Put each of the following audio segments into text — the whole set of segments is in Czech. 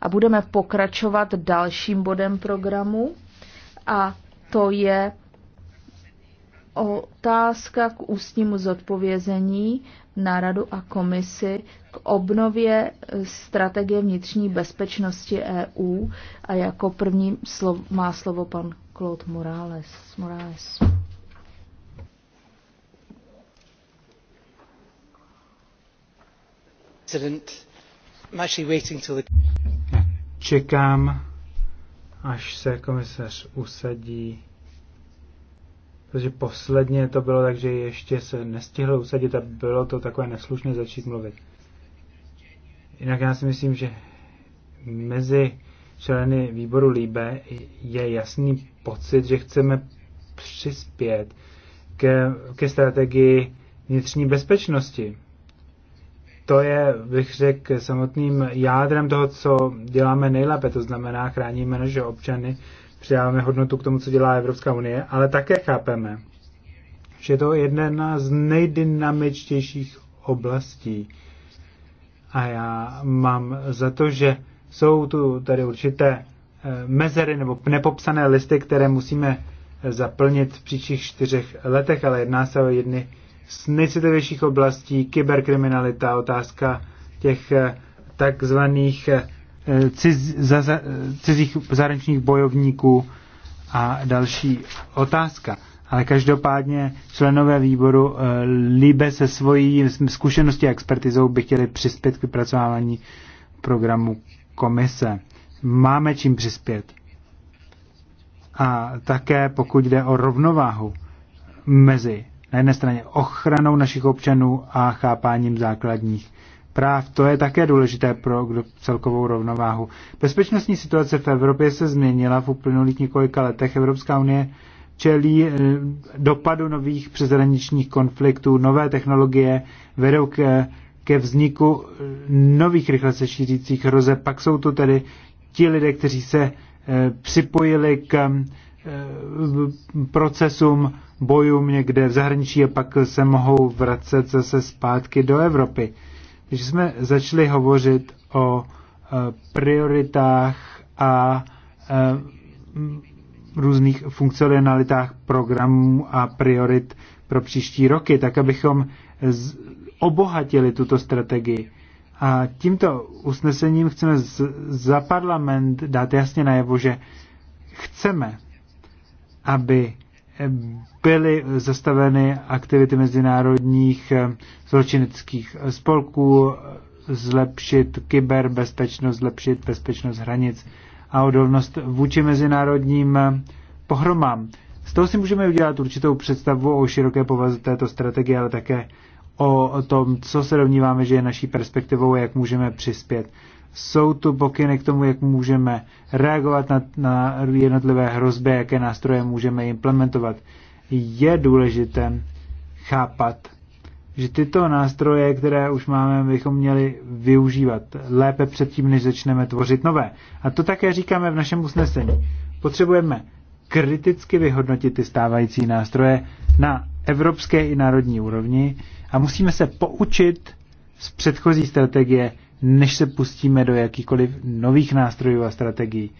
a budeme pokračovat dalším bodem programu a to je otázka k ústnímu zodpovězení na radu a komisi k obnově strategie vnitřní bezpečnosti EU a jako první slov, má slovo pan Claude Morales. Morales. President. Čekám, až se komisař usadí. Protože posledně to bylo tak, že ještě se nestihl usadit a bylo to takové neslušné začít mluvit. Jinak já si myslím, že mezi členy výboru Líbe je jasný pocit, že chceme přispět ke, ke strategii vnitřní bezpečnosti to je, bych řekl, samotným jádrem toho, co děláme nejlépe, to znamená chráníme naše občany, přidáváme hodnotu k tomu, co dělá Evropská unie, ale také chápeme, že to je jedna z nejdynamičtějších oblastí. A já mám za to, že jsou tu tady určité eh, mezery nebo nepopsané listy, které musíme zaplnit v příštích čtyřech letech, ale jedná se o jedny z nejcitlivějších oblastí, kyberkriminalita, otázka těch eh, takzvaných eh, ciz, za, za, cizích zahraničních bojovníků a další otázka. Ale každopádně členové výboru eh, líbe se svojí zkušeností a expertizou by chtěli přispět k vypracování programu komise. Máme čím přispět. A také pokud jde o rovnováhu mezi na jedné straně ochranou našich občanů a chápáním základních práv. To je také důležité pro celkovou rovnováhu. Bezpečnostní situace v Evropě se změnila v uplynulých několika letech. Evropská unie čelí eh, dopadu nových přeshraničních konfliktů. Nové technologie vedou ke, ke vzniku eh, nových rychle se šířících hrozeb. Pak jsou to tedy ti lidé, kteří se eh, připojili k procesům bojům někde v zahraničí a pak se mohou vracet zase zpátky do Evropy. Když jsme začali hovořit o e, prioritách a e, různých funkcionalitách programů a priorit pro příští roky, tak abychom obohatili tuto strategii. A tímto usnesením chceme z, za parlament dát jasně najevo, že chceme, aby byly zastaveny aktivity mezinárodních eh, zločineckých spolků, zlepšit kyberbezpečnost, zlepšit bezpečnost hranic a odolnost vůči mezinárodním eh, pohromám. Z toho si můžeme udělat určitou představu o široké povaze této strategie, ale také o tom, co se domníváme, že je naší perspektivou a jak můžeme přispět jsou tu pokyny k tomu, jak můžeme reagovat na, na jednotlivé hrozby, jaké nástroje můžeme implementovat. Je důležité chápat, že tyto nástroje, které už máme, bychom měli využívat lépe předtím, než začneme tvořit nové. A to také říkáme v našem usnesení. Potřebujeme kriticky vyhodnotit ty stávající nástroje na evropské i národní úrovni a musíme se poučit z předchozí strategie než se pustíme do jakýkoliv nových nástrojů a strategií.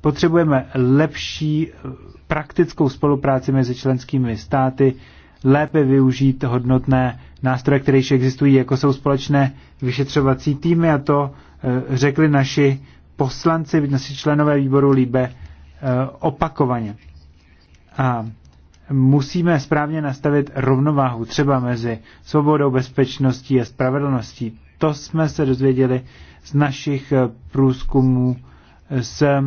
Potřebujeme lepší eh, praktickou spolupráci mezi členskými státy, lépe využít hodnotné nástroje, které již existují, jako jsou společné vyšetřovací týmy a to eh, řekli naši poslanci, naši členové výboru Líbe eh, opakovaně. A musíme správně nastavit rovnováhu třeba mezi svobodou, bezpečností a spravedlností. To jsme se dozvěděli z našich eh, průzkumů, eh, z eh,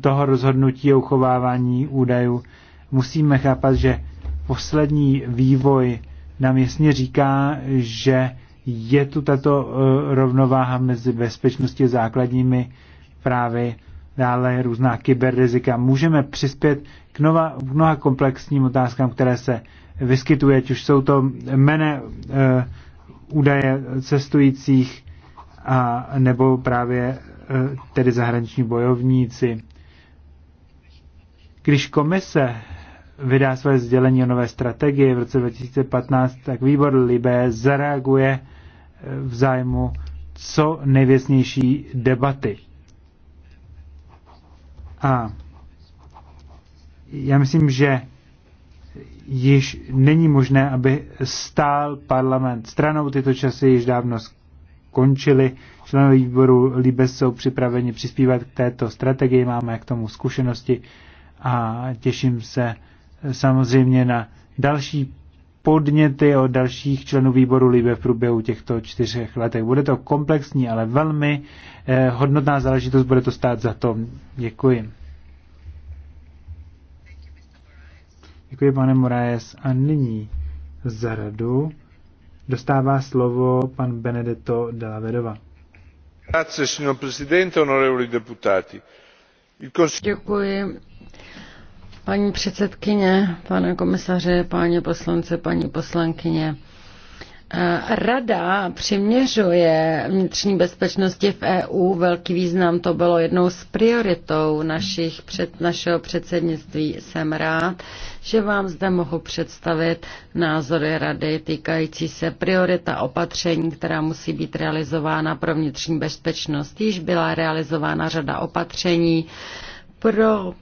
toho rozhodnutí o uchovávání údajů. Musíme chápat, že poslední vývoj nám jasně říká, že je tu tato rovnováha mezi bezpečností a základními právy dále různá kyberrizika. Můžeme přispět k nova, mnoha komplexním otázkám, které se vyskytuje, ať už jsou to jmene e, eh, údaje cestujících a nebo právě e, tedy zahraniční bojovníci. Když komise vydá své sdělení o nové strategii v roce 2015, tak výbor Libé zareaguje eh, v zájmu co nejvěsnější debaty. A já myslím, že již není možné, aby stál parlament stranou. Tyto časy již dávno skončily. Členové výboru Líbes jsou připraveni přispívat k této strategii, máme k tomu zkušenosti a těším se samozřejmě na další podněty od dalších členů výboru Líbe v průběhu těchto čtyřech letech. Bude to komplexní, ale velmi eh, hodnotná záležitost, bude to stát za to. Děkuji. Děkuji, pane Moraes. A nyní za radu dostává slovo pan Benedetto Della Vedova. Děkuji, Paní předsedkyně, pane komisaře, páni poslance, paní poslankyně, Rada přiměřuje vnitřní bezpečnosti v EU velký význam. To bylo jednou z prioritou našich, před, našeho předsednictví. Jsem rád, že vám zde mohu představit názory Rady týkající se priorita opatření, která musí být realizována pro vnitřní bezpečnost. Již byla realizována řada opatření pro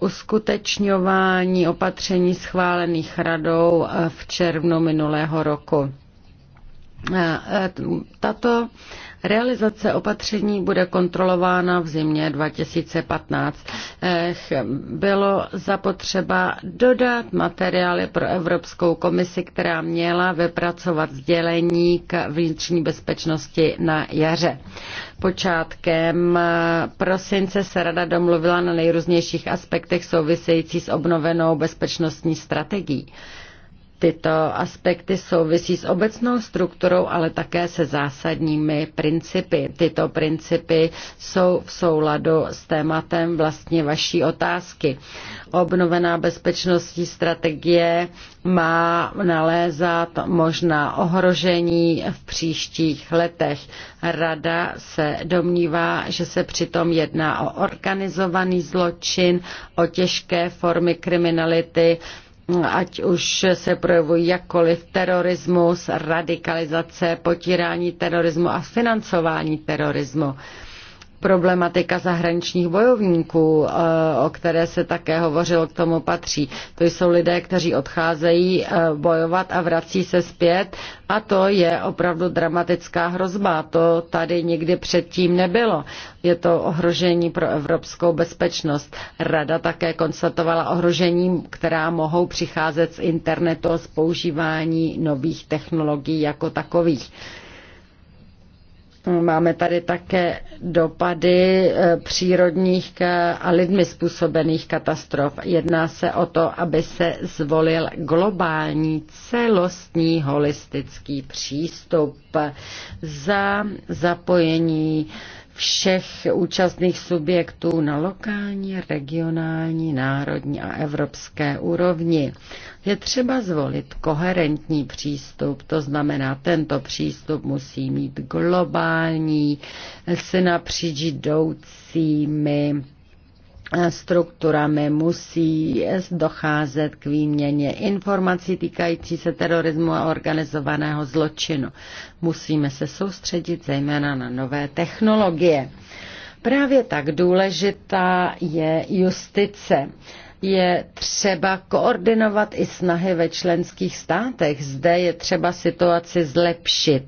uskutečňování opatření schválených radou v červnu minulého roku. E, tato Realizace opatření bude kontrolována v zimě 2015. Eh, bylo zapotřeba dodat materiály pro Evropskou komisi, která měla vypracovat sdělení k vnitřní bezpečnosti na jaře. Počátkem eh, prosince se rada domluvila na nejrůznějších aspektech související s obnovenou bezpečnostní strategií. Tyto aspekty souvisí s obecnou strukturou, ale také se zásadními principy. Tyto principy jsou v souladu s tématem vlastně vaší otázky. Obnovená bezpečnostní strategie má nalézat možná ohrožení v příštích letech. Rada se domnívá, že se přitom jedná o organizovaný zločin, o těžké formy kriminality, ať už se projevují jakkoliv terorismus, radikalizace, potírání terorismu a financování terorismu. Problematika zahraničních bojovníků, eh, o které se také hovořilo, k tomu patří. To jsou lidé, kteří odcházejí eh, bojovat a vrací se zpět a to je opravdu dramatická hrozba. To tady nikdy předtím nebylo. Je to ohrožení pro evropskou bezpečnost. Rada také konstatovala ohrožení, která mohou přicházet z internetu a z používání nových technologií jako takových. Máme tady také dopady eh, přírodních eh, a lidmi způsobených katastrof. Jedná se o to, aby se zvolil globální celostní holistický přístup za zapojení všech účastných subjektů na lokální, regionální, národní a evropské úrovni. Je třeba zvolit koherentní přístup, to znamená, tento přístup musí mít globální, se napříč jdoucími strukturami musí docházet k výměně informací týkající se terorismu a organizovaného zločinu. Musíme se soustředit zejména na nové technologie. Právě tak důležitá je justice. Je třeba koordinovat i snahy ve členských státech. Zde je třeba situaci zlepšit.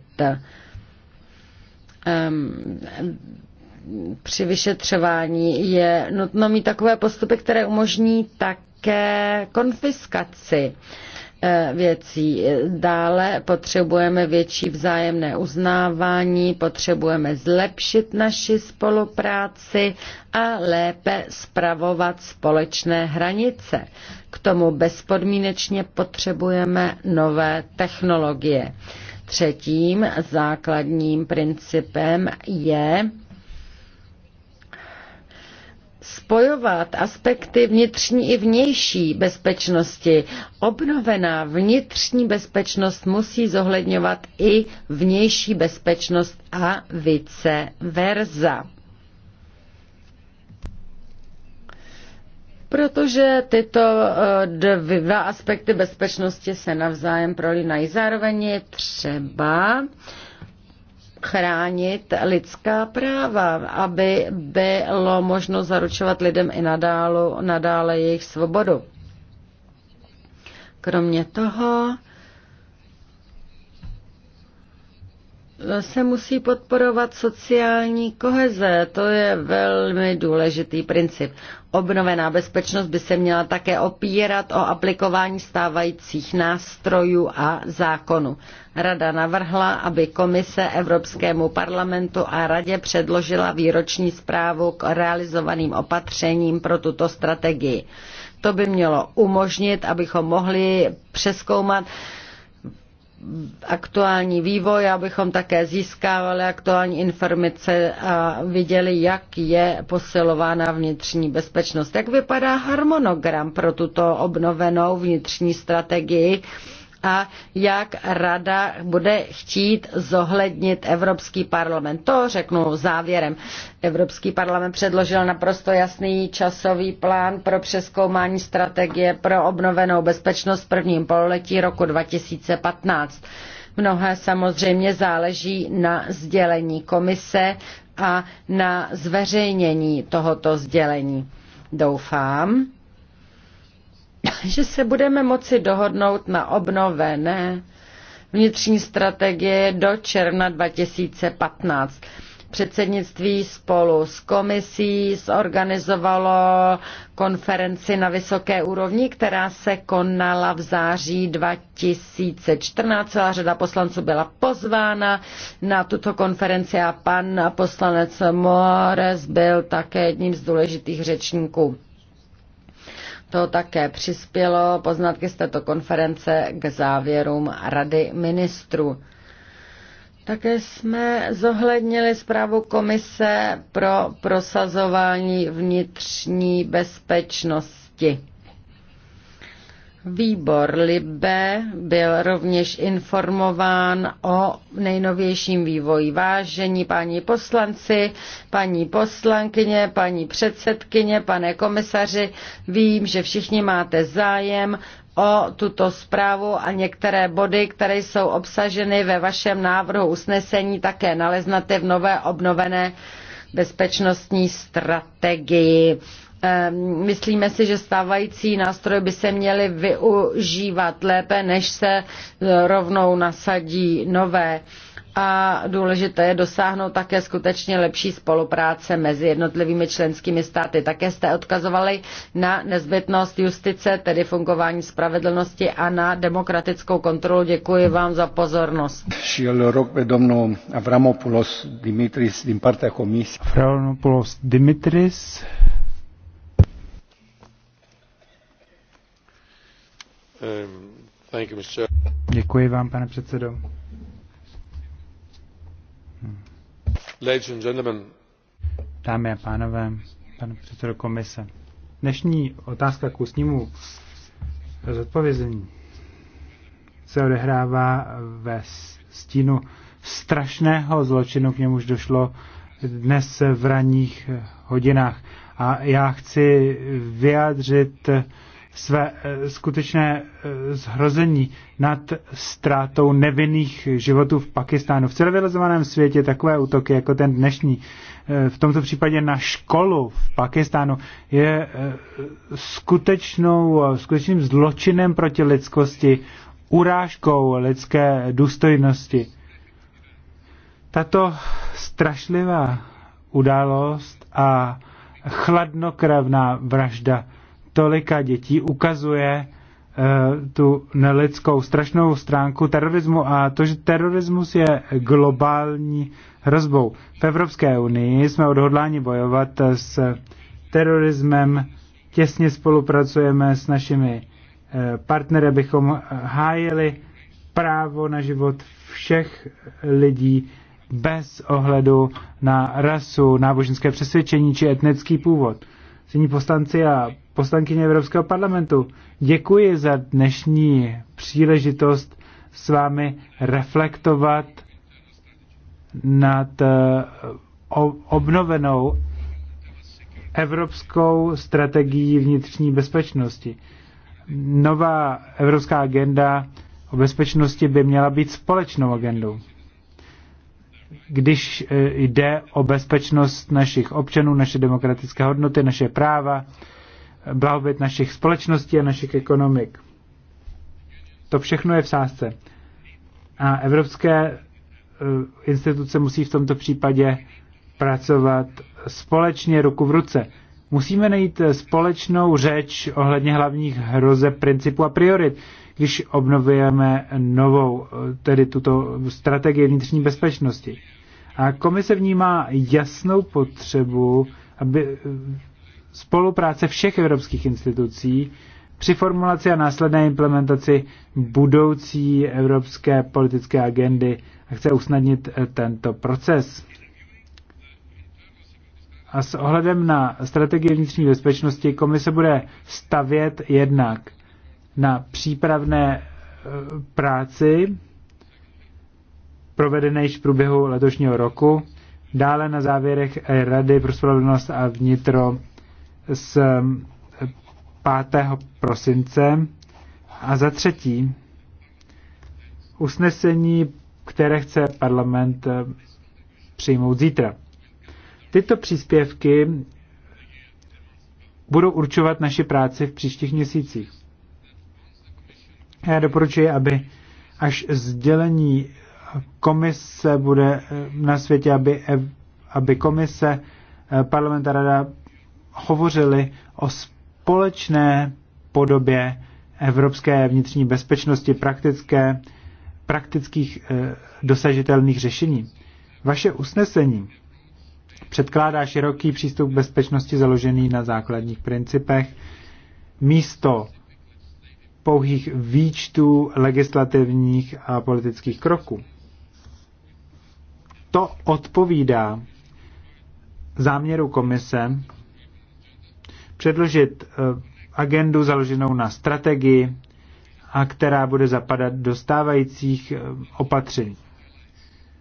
Um, při vyšetřování je nutno mít takové postupy, které umožní také konfiskaci eh, věcí. Dále potřebujeme větší vzájemné uznávání, potřebujeme zlepšit naši spolupráci a lépe spravovat společné hranice. K tomu bezpodmínečně potřebujeme nové technologie. Třetím základním principem je spojovat aspekty vnitřní i vnější bezpečnosti. Obnovená vnitřní bezpečnost musí zohledňovat i vnější bezpečnost a vice versa. Protože tyto eh, dva aspekty bezpečnosti se navzájem prolínají. Zároveň je třeba uh, chránit lidská práva, aby bylo možno zaručovat lidem i nadále, nadále jejich svobodu. Kromě toho se musí podporovat sociální koheze. To je velmi důležitý princip. Obnovená bezpečnost by se měla také opírat o aplikování stávajících nástrojů a zákonů. Rada navrhla, aby komise Evropskému parlamentu a radě předložila výroční zprávu k realizovaným opatřením pro tuto strategii. To by mělo umožnit, abychom mohli přeskoumat, aktuální vývoj, abychom také získávali aktuální informace a viděli, jak je posilována vnitřní bezpečnost. Jak vypadá harmonogram pro tuto obnovenou vnitřní strategii? a jak rada bude chtít zohlednit Evropský parlament. To řeknu závěrem. Evropský parlament předložil naprosto jasný časový plán pro přeskoumání strategie pro obnovenou bezpečnost v prvním pololetí roku 2015. Mnohé samozřejmě záleží na sdělení komise a na zveřejnění tohoto sdělení. Doufám, že se budeme moci dohodnout na obnovené vnitřní strategie do června 2015 předsednictví spolu s komisí zorganizovalo konferenci na vysoké úrovni, která se konala v září 2014. Celá řada poslanců byla pozvána na tuto konferenci a pan poslanec Mores byl také jedním z důležitých řečníků. To také přispělo poznatky z této konference k závěrům Rady ministrů. Také jsme zohlednili zprávu Komise pro prosazování vnitřní bezpečnosti. Výbor Libe byl rovněž informován o nejnovějším vývoji vážení paní poslanci, paní poslankyně, paní předsedkyně, pane komisaři. Vím, že všichni máte zájem o tuto zprávu a některé body, které jsou obsaženy ve vašem návrhu usnesení, také naleznete v nové obnovené bezpečnostní strategii Ehm, myslíme si, že stávající nástroje by se měly využívat lépe, než se e, rovnou nasadí nové. A důležité je dosáhnout také skutečně lepší spolupráce mezi jednotlivými členskými státy. Také jste odkazovali na nezbytnost justice, tedy fungování spravedlnosti a na demokratickou kontrolu. Děkuji vám za pozornost. Avramopoulos Dimitris Dimitris Děkuji vám, pane předsedo. Ladies and gentlemen. Dámy a pánové, pane předsedo komise. Dnešní otázka k ústnímu zodpovězení se odehrává ve stínu strašného zločinu, k němuž došlo dnes v ranních hodinách. A já chci vyjádřit své eh, skutečné eh, zhrození nad ztrátou nevinných životů v Pakistánu. V civilizovaném světě takové útoky jako ten dnešní, eh, v tomto případě na školu v Pakistánu, je skutečnou, skutečným zločinem proti lidskosti, urážkou lidské důstojnosti. Tato strašlivá událost a chladnokravná vražda tolika dětí ukazuje eh, tu nelidskou strašnou stránku terorismu a to, že terorismus je globální hrozbou. V Evropské unii jsme odhodláni bojovat s terorismem, těsně spolupracujeme s našimi eh, partnery, abychom hájili právo na život všech lidí bez ohledu na rasu, náboženské přesvědčení či etnický původ cení poslanci a poslankyně Evropského parlamentu. Děkuji za dnešní příležitost s vámi reflektovat nad eh, obnovenou evropskou strategií vnitřní bezpečnosti. Nová evropská agenda o bezpečnosti by měla být společnou agendou když e, jde o bezpečnost našich občanů, naše demokratické hodnoty, naše práva, blahobyt našich společností a našich ekonomik. To všechno je v sázce. A evropské e, instituce musí v tomto případě pracovat společně ruku v ruce. Musíme najít společnou řeč ohledně hlavních hroze principů a priorit, když obnovujeme novou, tedy tuto strategii vnitřní bezpečnosti. A komise vnímá jasnou potřebu, aby spolupráce všech evropských institucí při formulaci a následné implementaci budoucí evropské politické agendy a chce usnadnit tento proces. A s ohledem na strategii vnitřní bezpečnosti komise bude stavět jednak na přípravné e, práci provedené již v průběhu letošního roku, dále na závěrech Rady pro spravedlnost a vnitro z 5. E, prosince a za třetí usnesení, které chce parlament e, přijmout zítra. Tyto příspěvky budou určovat naši práci v příštích měsících. Já doporučuji, aby až sdělení komise bude eh, na světě, aby, eh, aby komise, eh, parlament a rada hovořili o společné podobě evropské vnitřní bezpečnosti praktické, praktických dosažitelných řešení. Vaše usnesení předkládá široký přístup k bezpečnosti založený na základních principech místo pouhých výčtů legislativních a politických kroků. To odpovídá záměru komise předložit eh, agendu založenou na strategii, a která bude zapadat do stávajících eh, opatření.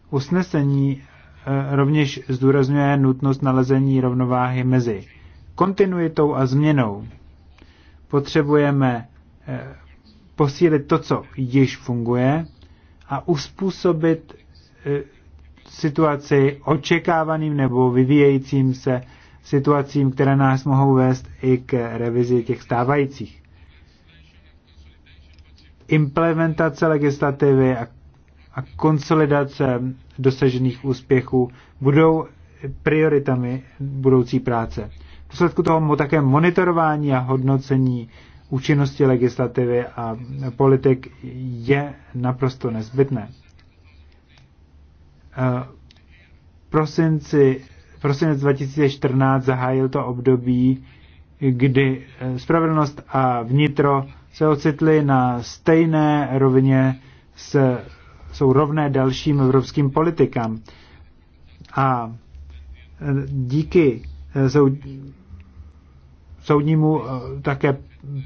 Usnesení Eh, rovněž zdůrazňuje nutnost nalezení rovnováhy mezi kontinuitou a změnou. Potřebujeme eh, posílit to, co již funguje a uspůsobit eh, situaci očekávaným nebo vyvíjejícím se situacím, které nás mohou vést i k revizi těch stávajících. Implementace legislativy a, a konsolidace dosažených úspěchů budou prioritami budoucí práce. V důsledku toho také monitorování a hodnocení účinnosti legislativy a politik je naprosto nezbytné. Eh, prosinci, prosinec 2014 zahájil to období, kdy eh, spravedlnost a vnitro se ocitly na stejné rovině s jsou rovné dalším evropským politikám. A e, díky e, soud, soudnímu e, také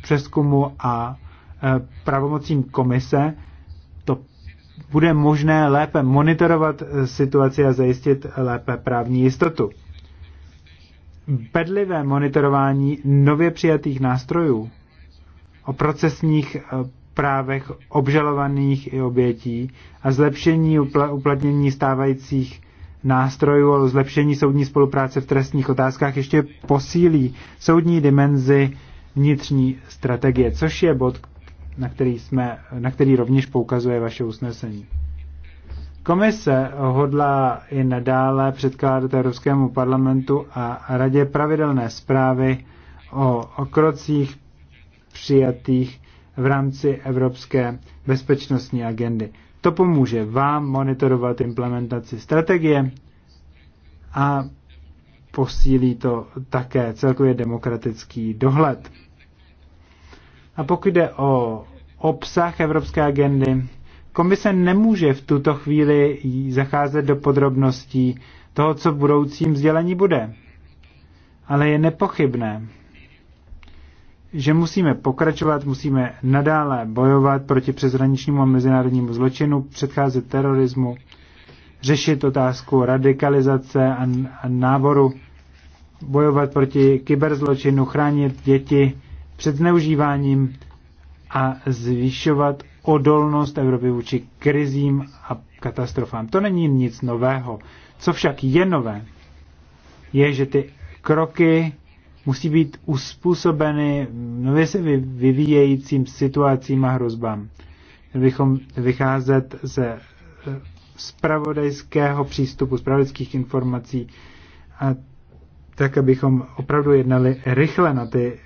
přeskumu a pravomocím komise to bude možné lépe monitorovat situaci a zajistit lépe právní jistotu. Bedlivé monitorování nově přijatých nástrojů o procesních právech obžalovaných i obětí a zlepšení uplatnění stávajících nástrojů a zlepšení soudní spolupráce v trestních otázkách ještě posílí soudní dimenzi vnitřní strategie, což je bod, na který, jsme, na který rovněž poukazuje vaše usnesení. Komise hodlá i nadále předkládat Evropskému parlamentu a Radě pravidelné zprávy o okrocích přijatých v rámci Evropské bezpečnostní agendy. To pomůže vám monitorovat implementaci strategie a posílí to také celkově demokratický dohled. A pokud jde o obsah Evropské agendy, komise nemůže v tuto chvíli zacházet do podrobností toho, co v budoucím vzdělení bude. Ale je nepochybné, že musíme pokračovat, musíme nadále bojovat proti přeshraničnímu a mezinárodnímu zločinu, předcházet terorismu, řešit otázku radikalizace a, a náboru, bojovat proti kyberzločinu, chránit děti před zneužíváním a zvyšovat odolnost Evropy vůči krizím a katastrofám. To není nic nového. Co však je nové, je, že ty kroky musí být uspůsobeny nově se vyvíjejícím situacím a hrozbám. Měli bychom vycházet ze eh, spravodajského přístupu, spravodajských informací a tak, abychom opravdu jednali rychle na ty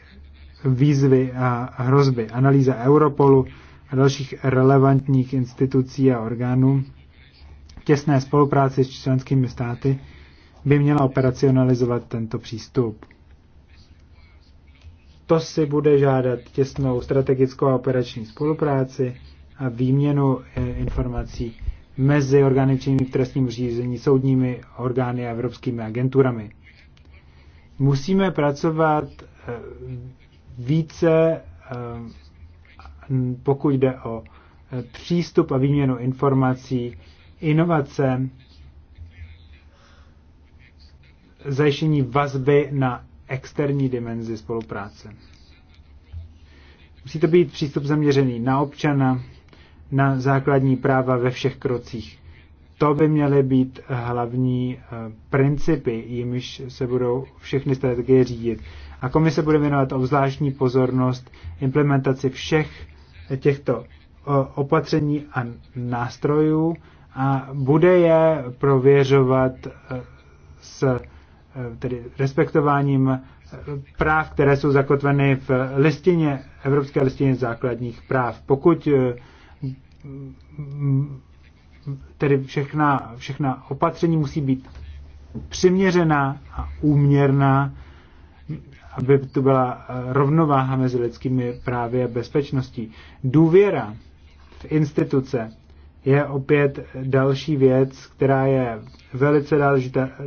výzvy a hrozby. Analýza Europolu a dalších relevantních institucí a orgánů těsné spolupráci s členskými státy by měla operacionalizovat tento přístup. To si bude žádat těsnou strategickou a operační spolupráci a výměnu eh, informací mezi orgány činnými v trestním řízení, soudními orgány a evropskými agenturami. Musíme pracovat eh, více, eh, pokud jde o přístup a výměnu informací, inovace, zajištění vazby na externí dimenzi spolupráce. Musí to být přístup zaměřený na občana, na základní práva ve všech krocích. To by měly být hlavní eh, principy, jimiž se budou všechny strategie řídit. A komise bude věnovat obzvláštní pozornost implementaci všech těchto eh, opatření a nástrojů a bude je prověřovat eh, s Eh, tedy respektováním eh, práv, které jsou zakotveny v listině, Evropské listině základních práv. Pokud eh, tedy všechna, všechna opatření musí být přiměřená a úměrná, aby tu byla rovnováha mezi lidskými právy a bezpečností. Důvěra v instituce je opět další věc, která je velice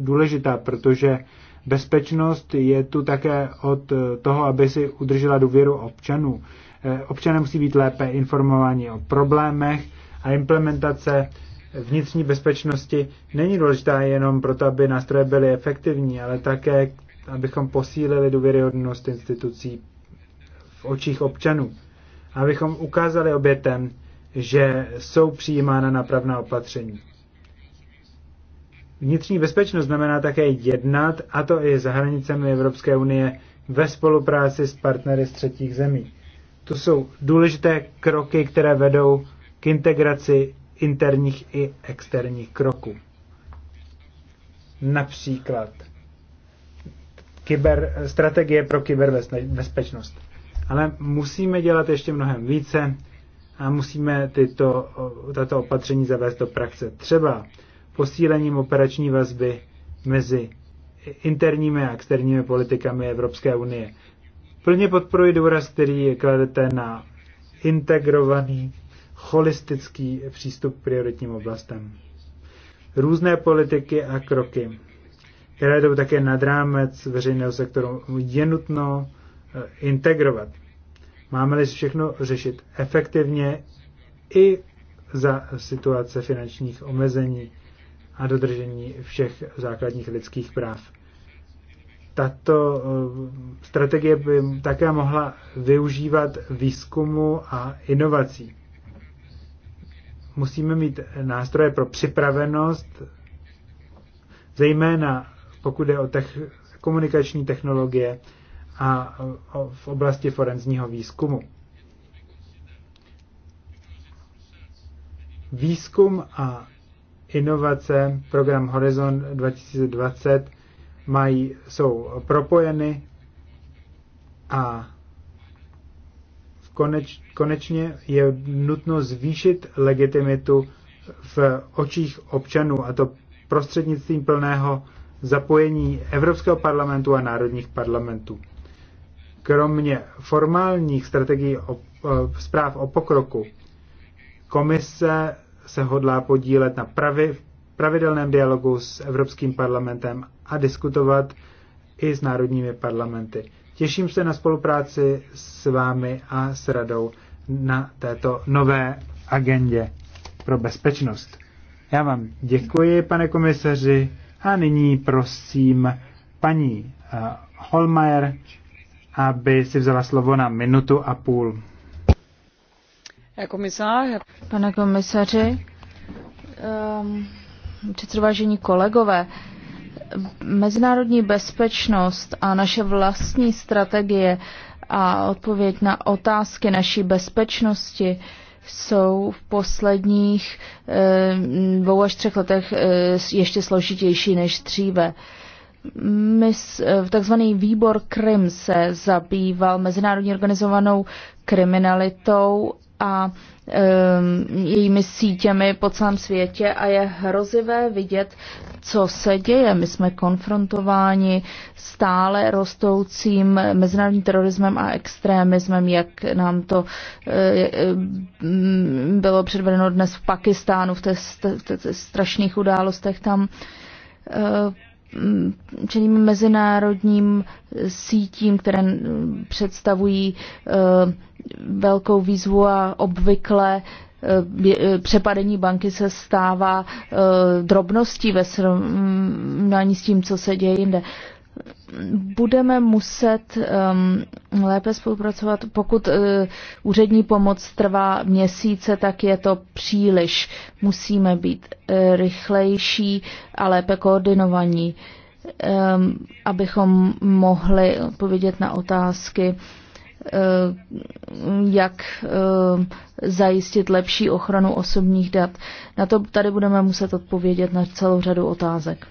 důležitá, protože bezpečnost je tu také od toho, aby si udržela důvěru občanů. Eh, občané musí být lépe informováni o problémech a implementace vnitřní bezpečnosti není důležitá jenom proto, aby nástroje byly efektivní, ale také, abychom posílili důvěryhodnost institucí v očích občanů. Abychom ukázali obětem, že jsou přijímána napravná opatření. Vnitřní bezpečnost znamená také jednat, a to i za hranicemi Evropské unie, ve spolupráci s partnery z třetích zemí. To jsou důležité kroky, které vedou k integraci interních i externích kroků. Například kyber, strategie pro kyberbezpečnost. Ale musíme dělat ještě mnohem více a musíme tyto, tato opatření zavést do praxe. Třeba posílením operační vazby mezi interními a externími politikami Evropské unie. Plně podporuji důraz, který kladete na integrovaný, holistický přístup k prioritním oblastem. Různé politiky a kroky, které jdou také nad rámec veřejného sektoru, je nutno eh, integrovat. Máme-li všechno řešit efektivně i za situace finančních omezení a dodržení všech základních lidských práv. Tato eh, strategie by také mohla využívat výzkumu a inovací. Musíme mít nástroje pro připravenost, zejména pokud je o tech, komunikační technologie, a v oblasti forenzního výzkumu. Výzkum a inovace, program Horizon 2020, mají, jsou propojeny a koneč, konečně je nutno zvýšit legitimitu v očích občanů, a to prostřednictvím plného zapojení Evropského parlamentu a národních parlamentů. Kromě formálních strategií o, e, zpráv o pokroku, komise se hodlá podílet na pravi, pravidelném dialogu s Evropským parlamentem a diskutovat i s národními parlamenty. Těším se na spolupráci s vámi a s radou na této nové agendě pro bezpečnost. Já vám děkuji, pane komisaři, a nyní prosím paní e, Holmeier, aby si vzala slovo na minutu a půl. Pane komisaři, um, kolegové, mezinárodní bezpečnost a naše vlastní strategie a odpověď na otázky naší bezpečnosti jsou v posledních ehm, dvou až třech letech eh, ještě složitější než dříve. Eh, takzvaný výbor Krim se zabýval mezinárodní organizovanou kriminalitou a um, jejími sítěmi po celém světě a je hrozivé vidět, co se děje. My jsme konfrontováni stále rostoucím mezinárodním terorismem a extrémismem, jak nám to um, bylo předvedeno dnes v Pakistánu, v těch, těch strašných událostech tam. Uh, Mm, čelíme mezinárodním sítím, které mm, představují eh, velkou výzvu a obvykle eh, eh, přepadení banky se stává drobností ve srovnání s tím, co se děje jinde budeme muset um, lépe spolupracovat. Pokud uh, úřední pomoc trvá měsíce, tak je to příliš. Musíme být uh, rychlejší a lépe koordinovaní, um, abychom mohli odpovědět na otázky, uh, jak uh, zajistit lepší ochranu osobních dat. Na to tady budeme muset odpovědět na celou řadu otázek.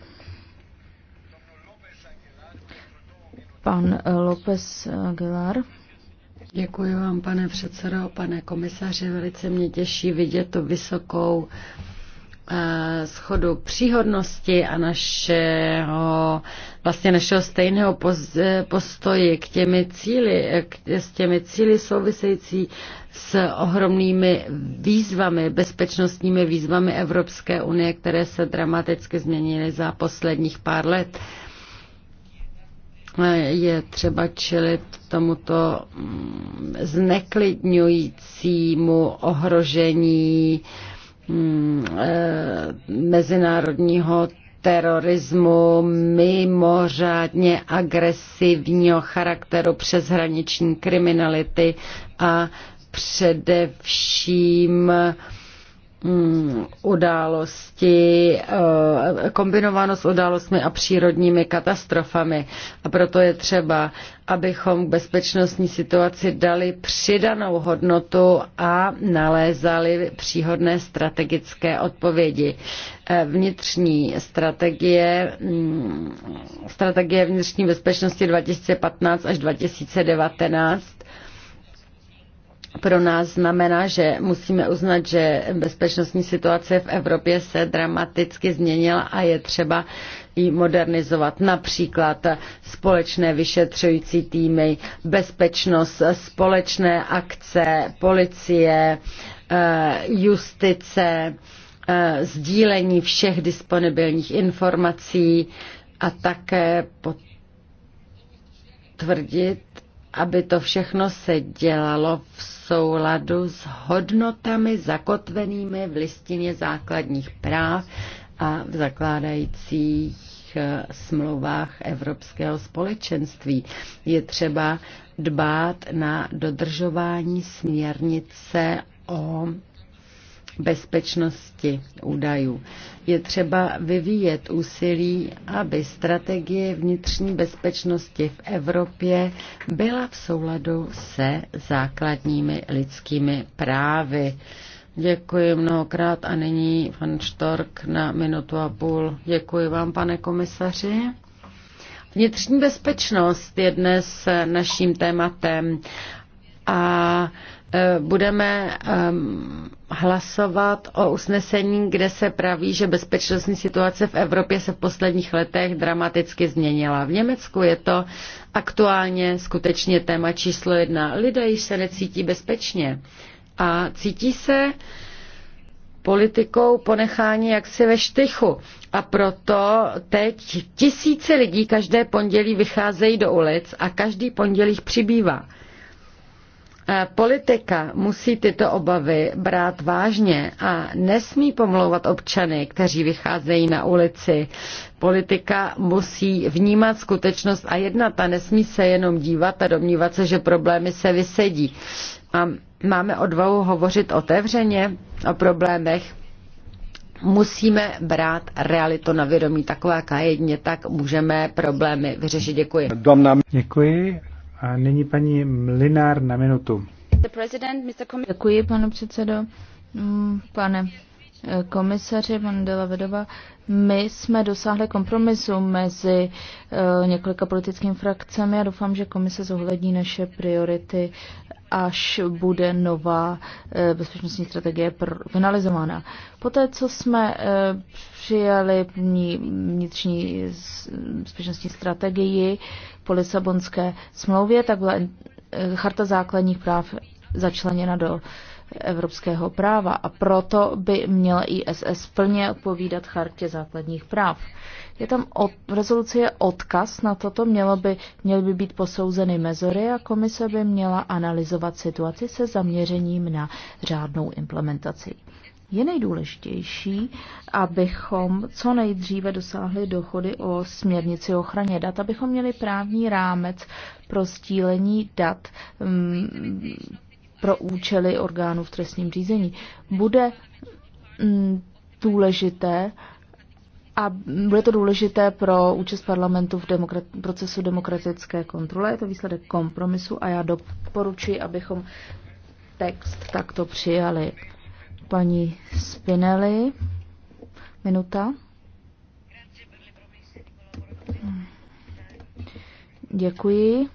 Pan eh, López Aguilar. Děkuji vám, pane předsedo, pane komisaři. Velice mě těší vidět tu vysokou eh, schodu příhodnosti a našeho, vlastně našeho stejného eh, postoji k těmi cíly, k, s těmi cíly související s ohromnými výzvami, bezpečnostními výzvami Evropské unie, které se dramaticky změnily za posledních pár let. Uh, je třeba čelit tomuto mm, zneklidňujícímu ohrožení mm, eh, mezinárodního terorismu mimořádně agresivního charakteru přeshraniční kriminality a především eh, Mm, události, eh, kombinovanost s událostmi a přírodními katastrofami. A proto je třeba, abychom k bezpečnostní situaci dali přidanou hodnotu a nalézali příhodné strategické odpovědi. Eh, vnitřní strategie, mm, strategie vnitřní bezpečnosti 2015 až 2019 pro nás znamená, že musíme uznat, že bezpečnostní situace v Evropě se dramaticky změnila a je třeba ji modernizovat. Například společné vyšetřující týmy, bezpečnost, společné akce, policie, eh, justice, eh, sdílení všech disponibilních informací a také potvrdit, aby to všechno se dělalo v souladu s hodnotami zakotvenými v listině základních práv a v zakládajících eh, smlouvách Evropského společenství. Je třeba dbát na dodržování směrnice o bezpečnosti údajů. Je třeba vyvíjet úsilí, aby strategie vnitřní bezpečnosti v Evropě byla v souladu se základními lidskými právy. Děkuji mnohokrát a nyní pan Štork na minutu a půl. Děkuji vám, pane komisaři. Vnitřní bezpečnost je dnes naším tématem a Eh, budeme ehm, hlasovat o usnesení, kde se praví, že bezpečnostní situace v Evropě se v posledních letech dramaticky změnila. V Německu je to aktuálně skutečně téma číslo jedna. Lidé již se necítí bezpečně a cítí se politikou ponechání jaksi ve štychu. A proto teď tisíce lidí každé pondělí vycházejí do ulic a každý pondělí přibývá. E, politika musí tyto obavy brát vážně a nesmí pomlouvat občany, kteří vycházejí na ulici. Politika musí vnímat skutečnost a jednat a nesmí se jenom dívat a domnívat se, že problémy se vysedí. A máme odvahu hovořit otevřeně o problémech, musíme brát realitu na vědomí taková, jaká jedině tak můžeme problémy vyřešit. Děkuji. Děkuji. A nyní paní Mlinár na minutu. Děkuji, pane předsedo. Mm, pane komisaři Mandela Vedova, my jsme dosáhli kompromisu mezi eh, několika politickými frakcemi a doufám, že komise zohlední naše priority, až bude nová eh, bezpečnostní strategie finalizována. Poté, co jsme eh, přijali vnitřní bezpečnostní strategii po Lisabonské smlouvě, tak byla Charta základních práv začleněna do evropského práva a proto by měl ISS plně odpovídat chartě základních práv. Je tam od, rezoluce je odkaz na toto, mělo by, měly by být posouzeny mezory a komise by měla analyzovat situaci se zaměřením na řádnou implementaci. Je nejdůležitější, abychom co nejdříve dosáhli dochody o směrnici ochraně dat, abychom měli právní rámec pro stílení dat mm, pro účely orgánů v trestním řízení. Bude mm, důležité, a bude to důležité pro účast parlamentu v demokrat- procesu demokratické kontrole. Je to výsledek kompromisu a já doporučuji, abychom text takto přijali. Paní Spinelli, minuta. Děkuji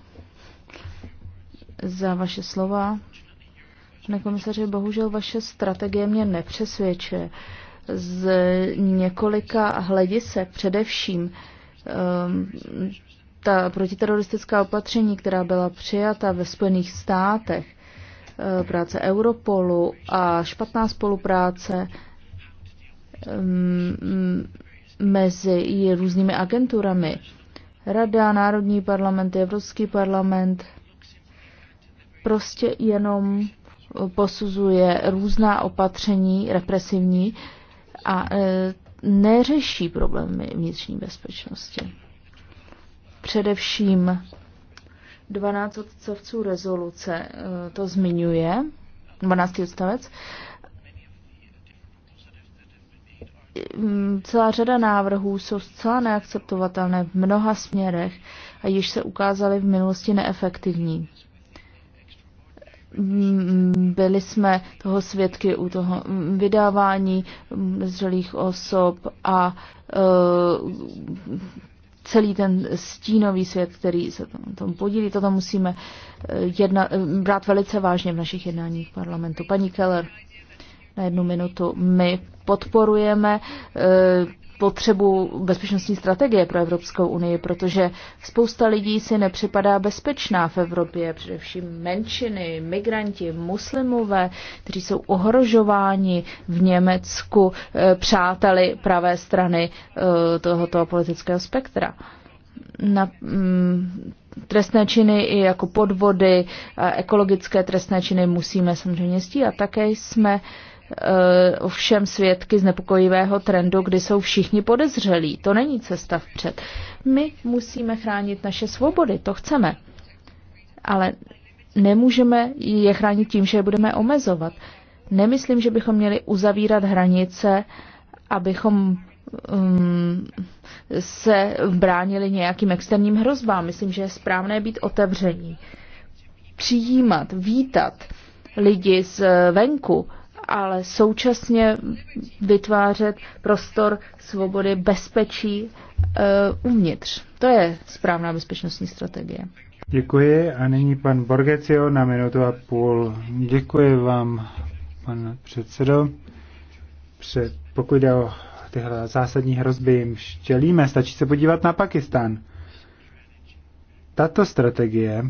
za vaše slova, Pane komisaři, bohužel vaše strategie mě nepřesvědčuje z několika hledisek, především um, ta protiteroristická opatření, která byla přijata ve Spojených státech, eh, práce Europolu a špatná spolupráce ehm, mezi různými agenturami. Rada, Národní parlament, Evropský parlament, prostě jenom posuzuje různá opatření represivní a e, neřeší problémy vnitřní bezpečnosti. Především 12 odstavců rezoluce e, to zmiňuje, 12. odstavec. Mm, celá řada návrhů jsou zcela neakceptovatelné v mnoha směrech a již se ukázaly v minulosti neefektivní byli jsme toho svědky u toho vydávání zřelých osob a eh, celý ten stínový svět, který se tom, tom podílí, toto musíme eh, jedna, eh, brát velice vážně v našich jednáních parlamentu. Paní Keller, na jednu minutu. My podporujeme potřebu bezpečnostní strategie pro Evropskou unii, protože spousta lidí si nepřipadá bezpečná v Evropě, především menšiny, migranti, muslimové, kteří jsou ohrožováni v Německu eh, přáteli pravé strany eh, tohoto politického spektra. Na, mm, trestné činy i jako podvody, ekologické trestné činy musíme samozřejmě stíhat. Také jsme uh, Eh, ovšem svědky znepokojivého trendu, kdy jsou všichni podezřelí. To není cesta vpřed. My musíme chránit naše svobody, to chceme. Ale nemůžeme je chránit tím, že je budeme omezovat. Nemyslím, že bychom měli uzavírat hranice, abychom um, se bránili nějakým externím hrozbám. Myslím, že je správné být otevření, přijímat, vítat lidi z eh, venku, ale současně vytvářet prostor svobody, bezpečí uh, uvnitř. To je správná bezpečnostní strategie. Děkuji a nyní pan Borgecio na minutu a půl. Děkuji vám, pan předsedo. Před, pokud jde o tyhle zásadní hrozby, jim štělíme, stačí se podívat na Pakistan. Tato strategie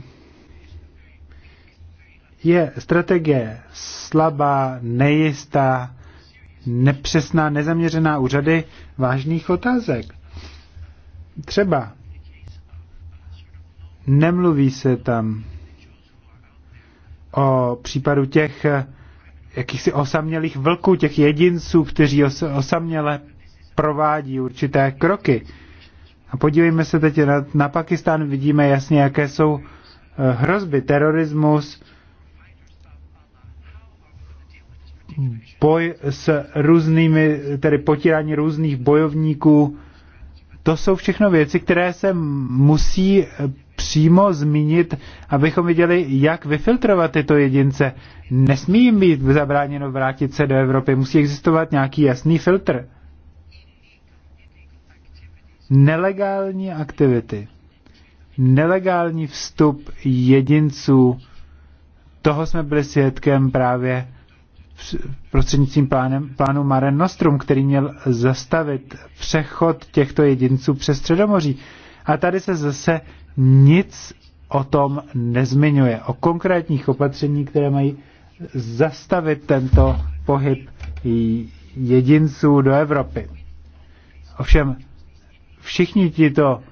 je strategie slabá, nejistá, nepřesná, nezaměřená u řady vážných otázek. Třeba nemluví se tam o případu těch eh, jakýchsi osamělých vlků, těch jedinců, kteří os, osaměle provádí určité kroky. A podívejme se teď na, na Pakistán, vidíme jasně, jaké jsou eh, hrozby. Terorismus, boj s různými, tedy potírání různých bojovníků. To jsou všechno věci, které se musí přímo zmínit, abychom viděli, jak vyfiltrovat tyto jedince. Nesmí jim být zabráněno vrátit se do Evropy, musí existovat nějaký jasný filtr. Nelegální aktivity, nelegální vstup jedinců, toho jsme byli svědkem právě prostřednictvím plánem, plánu Mare Nostrum, který měl zastavit přechod těchto jedinců přes Středomoří. A tady se zase nic o tom nezmiňuje, o konkrétních opatření, které mají zastavit tento pohyb jedinců do Evropy. Ovšem, všichni tito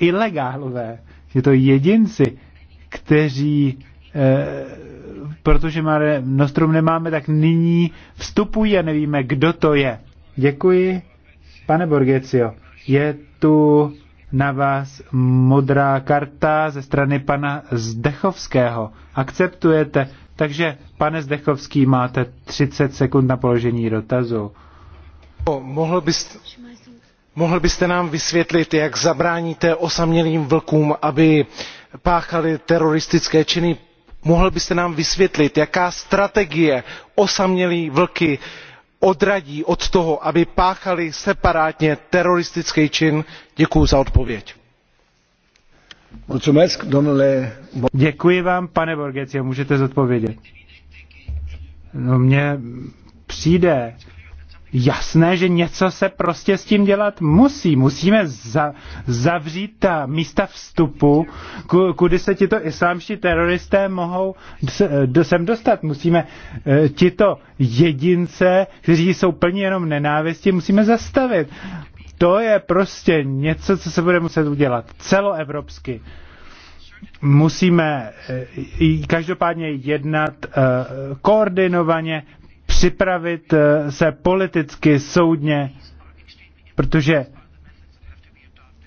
ilegálové, tito jedinci, kteří eh, protože Mare Nostrum nemáme, tak nyní vstupují a nevíme, kdo to je. Děkuji, pane Borgecio. Je tu na vás modrá karta ze strany pana Zdechovského. Akceptujete? Takže, pane Zdechovský, máte 30 sekund na položení dotazu. Mohl byste, mohl byste nám vysvětlit, jak zabráníte osamělým vlkům, aby páchali teroristické činy mohl byste nám vysvětlit jaká strategie osamělé vlky odradí od toho aby páchali separátně teroristický čin? děkuji za odpověď. Děkuji vám, pane Borgecio, můžete zodpovědět. No mně přijde, jasné, že něco se prostě s tím dělat musí. Musíme za, zavřít ta místa vstupu, kudy se tito islámští teroristé mohou sem dostat. Musíme eh, tito jedince, kteří jsou plní jenom nenávisti, musíme zastavit. To je prostě něco, co se bude muset udělat celoevropsky musíme eh, každopádně jednat eh, koordinovaně, připravit eh, se politicky, soudně, protože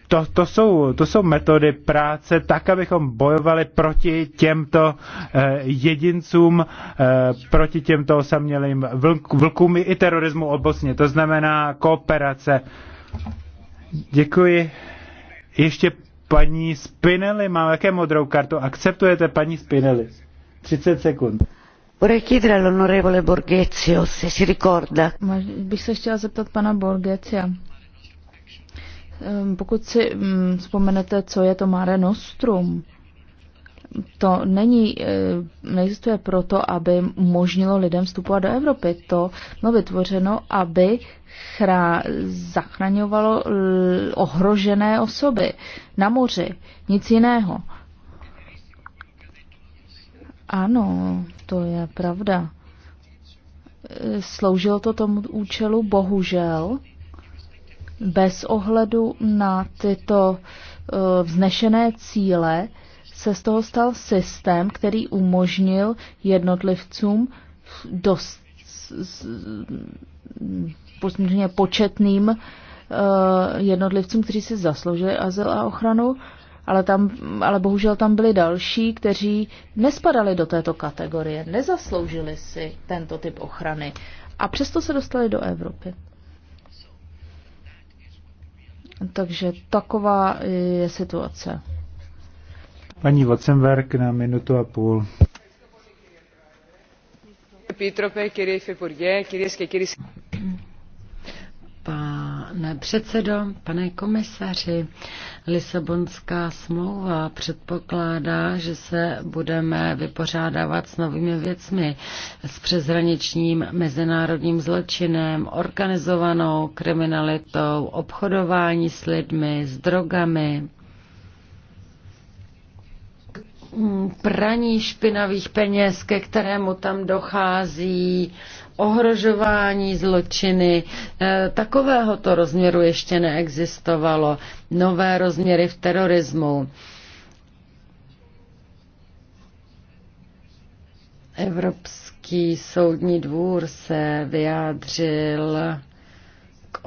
to, to, jsou, to jsou metody práce tak, abychom bojovali proti těmto eh, jedincům, eh, proti těmto osamělým vlk, vlkům i terorismu obosně. To znamená kooperace. Děkuji. Ještě paní Spinelli, má jaké modrou kartu. Akceptujete paní Spinelli? 30 sekund si Bych se chtěla zeptat pana Borghezia. Ehm, pokud si mm, vzpomenete, co je to Mare Nostrum, to není, e, neexistuje proto, aby umožnilo lidem vstupovat do Evropy. To bylo vytvořeno, aby chrá, zachraňovalo ohrožené osoby na moři, nic jiného. Ano, to je pravda. Sloužilo to tomu účelu, bohužel, bez ohledu na tyto vznešené cíle se z toho stal systém, který umožnil jednotlivcům dost početným jednotlivcům, kteří si zasloužili azyl a ochranu, ale, tam, ale bohužel tam byli další, kteří nespadali do této kategorie, nezasloužili si tento typ ochrany a přesto se dostali do Evropy. Takže taková je situace. Paní Watzenberg na minutu a půl. Pane předsedo, pane komisaři, Lisabonská smlouva předpokládá, že se budeme vypořádávat s novými věcmi, s přeshraničním mezinárodním zločinem, organizovanou kriminalitou, obchodování s lidmi, s drogami, praní špinavých peněz, ke kterému tam dochází, ohrožování zločiny. E, takovéhoto rozměru ještě neexistovalo. Nové rozměry v terorismu. Evropský soudní dvůr se vyjádřil k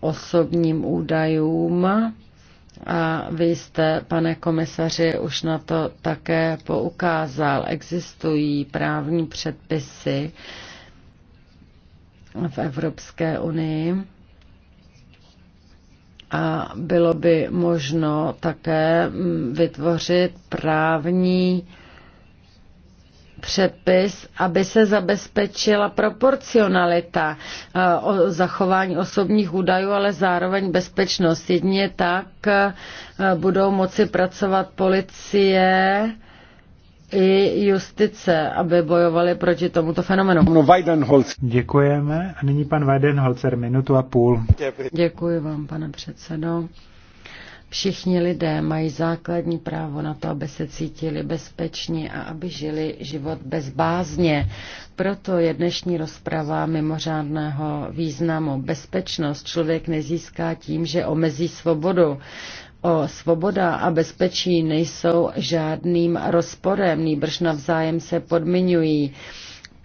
osobním údajům a vy jste, pane komisaři, už na to také poukázal. Existují právní předpisy v Evropské unii a bylo by možno také mm, vytvořit právní přepis, aby se zabezpečila proporcionalita eh, o zachování osobních údajů, ale zároveň bezpečnost. Jedině tak eh, budou moci pracovat policie i justice, aby bojovali proti tomuto fenomenu. Děkujeme. A nyní pan Weidenholzer, minutu a půl. Děkuji vám, pane předsedo. Všichni lidé mají základní právo na to, aby se cítili bezpeční a aby žili život bezbázně. Proto je dnešní rozprava mimořádného významu. Bezpečnost člověk nezíská tím, že omezí svobodu. O svoboda a bezpečí nejsou žádným rozporem, nýbrž navzájem se podmiňují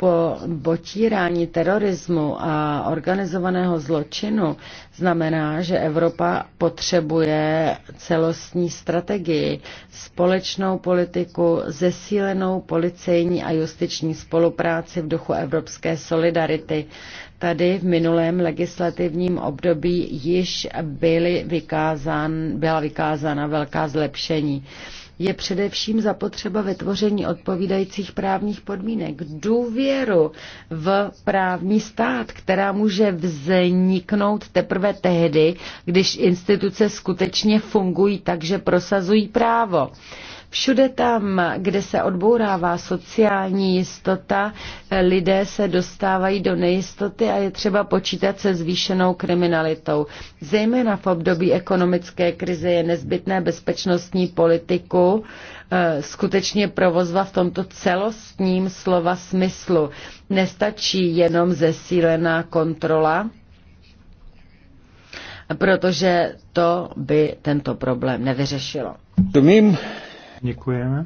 po botírání terorismu a organizovaného zločinu znamená, že Evropa potřebuje celostní strategii, společnou politiku, zesílenou policejní a justiční spolupráci v duchu evropské solidarity. Tady v minulém legislativním období již byly vykázán, byla vykázána velká zlepšení je především zapotřeba vytvoření odpovídajících právních podmínek, důvěru v právní stát, která může vzniknout teprve tehdy, když instituce skutečně fungují tak, že prosazují právo. Všude tam, kde se odbourává sociální jistota, eh, lidé se dostávají do nejistoty a je třeba počítat se zvýšenou kriminalitou. Zejména v období ekonomické krize je nezbytné bezpečnostní politiku eh, skutečně provozovat v tomto celostním slova smyslu. Nestačí jenom zesílená kontrola, protože to by tento problém nevyřešilo. Rozumím. Děkujeme.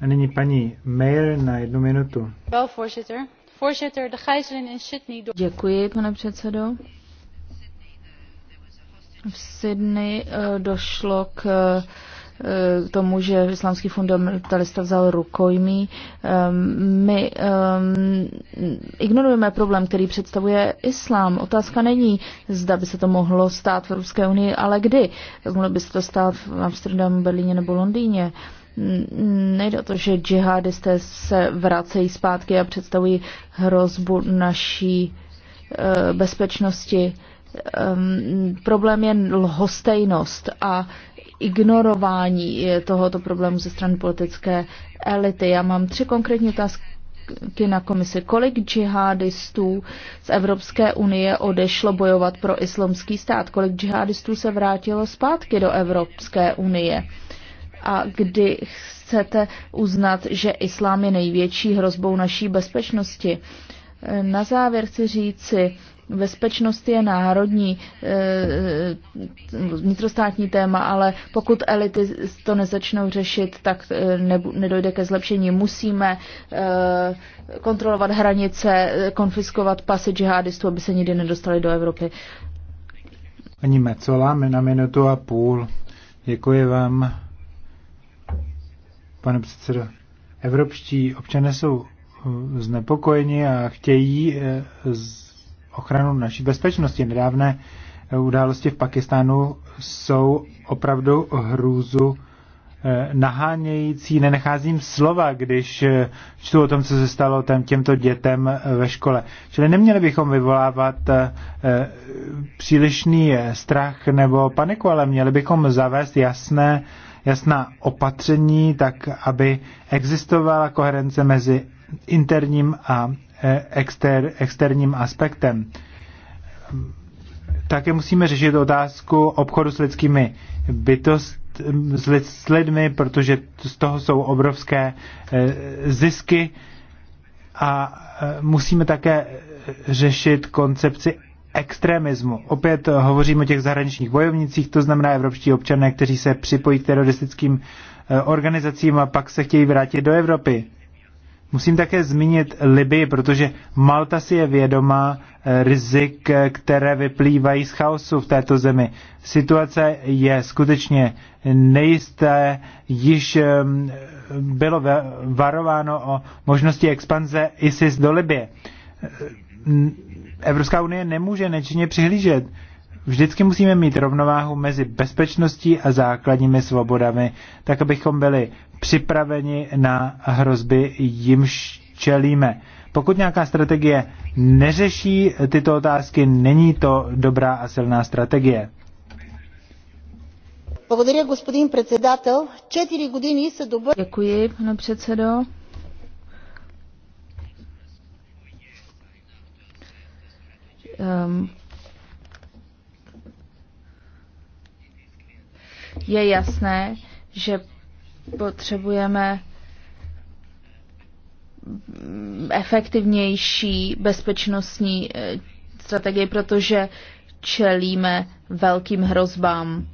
A nyní paní Mayer na jednu minutu. Děkuji, pane předsedo. V Sydney eh, došlo k eh, Eh, tomu, že islámský fundamentalista vzal rukojmí. Ehm, my ehm, ignorujeme problém, který představuje islám. Otázka není, zda by se to mohlo stát v Evropské unii, ale kdy. Mohlo by se to stát v Amsterdamu, Berlíně nebo Londýně. Nejde o to, že džihadisté se vracejí zpátky a představují hrozbu naší eh, bezpečnosti. Um, problém je lhostejnost a ignorování tohoto problému ze strany politické elity. Já mám tři konkrétní otázky na komisi. Kolik džihadistů z Evropské unie odešlo bojovat pro islamský stát? Kolik džihadistů se vrátilo zpátky do Evropské unie? A kdy chcete uznat, že islám je největší hrozbou naší bezpečnosti? Na závěr chci říci, Bezpečnost je národní eh, eh, vnitrostátní téma, ale pokud elity to nezačnou řešit, tak eh, nedojde ke zlepšení. Musíme kontrolovat hranice, konfiskovat pasy džihadistů, aby se nikdy nedostali do Evropy. Ani Mecola, my na minutu a půl. Děkuji vám, pane předsedo. Evropští občané jsou znepokojeni a chtějí z ochranu naší bezpečnosti. Nedávné eh, události v Pakistánu jsou opravdu hrůzu eh, nahánějící, nenecházím slova, když eh, čtu o tom, co se stalo tam těmto dětem ve škole. Čili neměli bychom vyvolávat přílišný strach nebo paniku, ale měli bychom zavést jasné, jasná opatření, tak aby existovala koherence mezi interním a exter, externím aspektem. Také musíme řešit otázku obchodu s lidskými bytost, s, lid, s lidmi, protože z toho jsou obrovské e, zisky a e, musíme také řešit koncepci extremismu. Opět hovořím o těch zahraničních bojovnicích, to znamená evropští občané, kteří se připojí k teroristickým e, organizacím a pak se chtějí vrátit do Evropy. Musím také zmínit Libii, protože Malta si je vědoma eh, rizik, eh, které vyplývají z chaosu v této zemi. Situace je skutečně nejisté, již ehm, bylo varováno o možnosti expanze ISIS do Libie. Eh, Evropská unie nemůže nečinně přihlížet. Vždycky musíme mít rovnováhu mezi bezpečností a základními svobodami, tak abychom byli připraveni na hrozby, jimž čelíme. Pokud nějaká strategie neřeší tyto otázky, není to dobrá a silná strategie. Děkuji, pane předsedo. Um, je jasné, že potřebujeme efektivnější bezpečnostní eh, strategii, protože čelíme velkým hrozbám.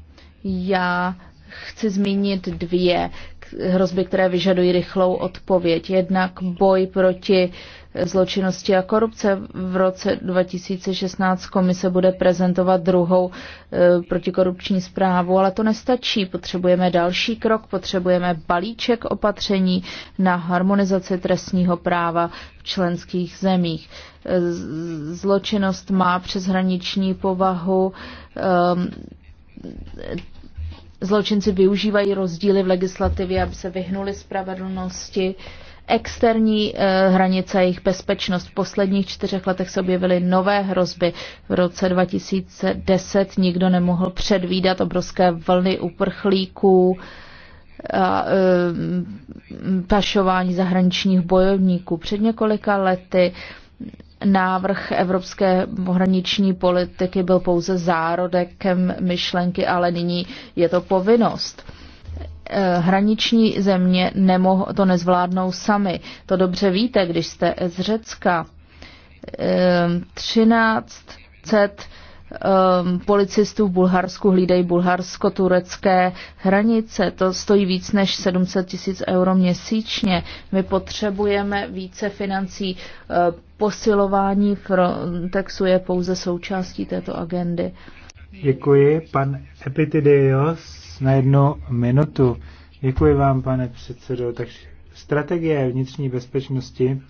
Já chci zmínit dvě, hrozby, které vyžadují rychlou odpověď. Jednak boj proti zločinnosti a korupce. V roce 2016 komise bude prezentovat druhou e, protikorupční zprávu, ale to nestačí. Potřebujeme další krok, potřebujeme balíček opatření na harmonizaci trestního práva v členských zemích. E, zločinnost má přeshraniční povahu e, zločinci využívají rozdíly v legislativě, aby se vyhnuli spravedlnosti. Externí eh, hranice a jejich bezpečnost. V posledních čtyřech letech se objevily nové hrozby. V roce 2010 nikdo nemohl předvídat obrovské vlny uprchlíků, a, e, pašování zahraničních bojovníků. Před několika lety e, návrh evropské pohraniční politiky byl pouze zárodekem myšlenky, ale nyní je to povinnost. Eh, hraniční země nemoh- to nezvládnou sami. To dobře víte, když jste z Řecka. 1300 eh, ehm, policistů v Bulharsku hlídají bulharsko-turecké hranice. To stojí víc než 700 tisíc euro měsíčně. My potřebujeme více financí eh, posilování Frontexu je pouze součástí této agendy. Děkuji, pan Epitidios, na jednu minutu. Děkuji vám, pane předsedo. Takže strategie vnitřní bezpečnosti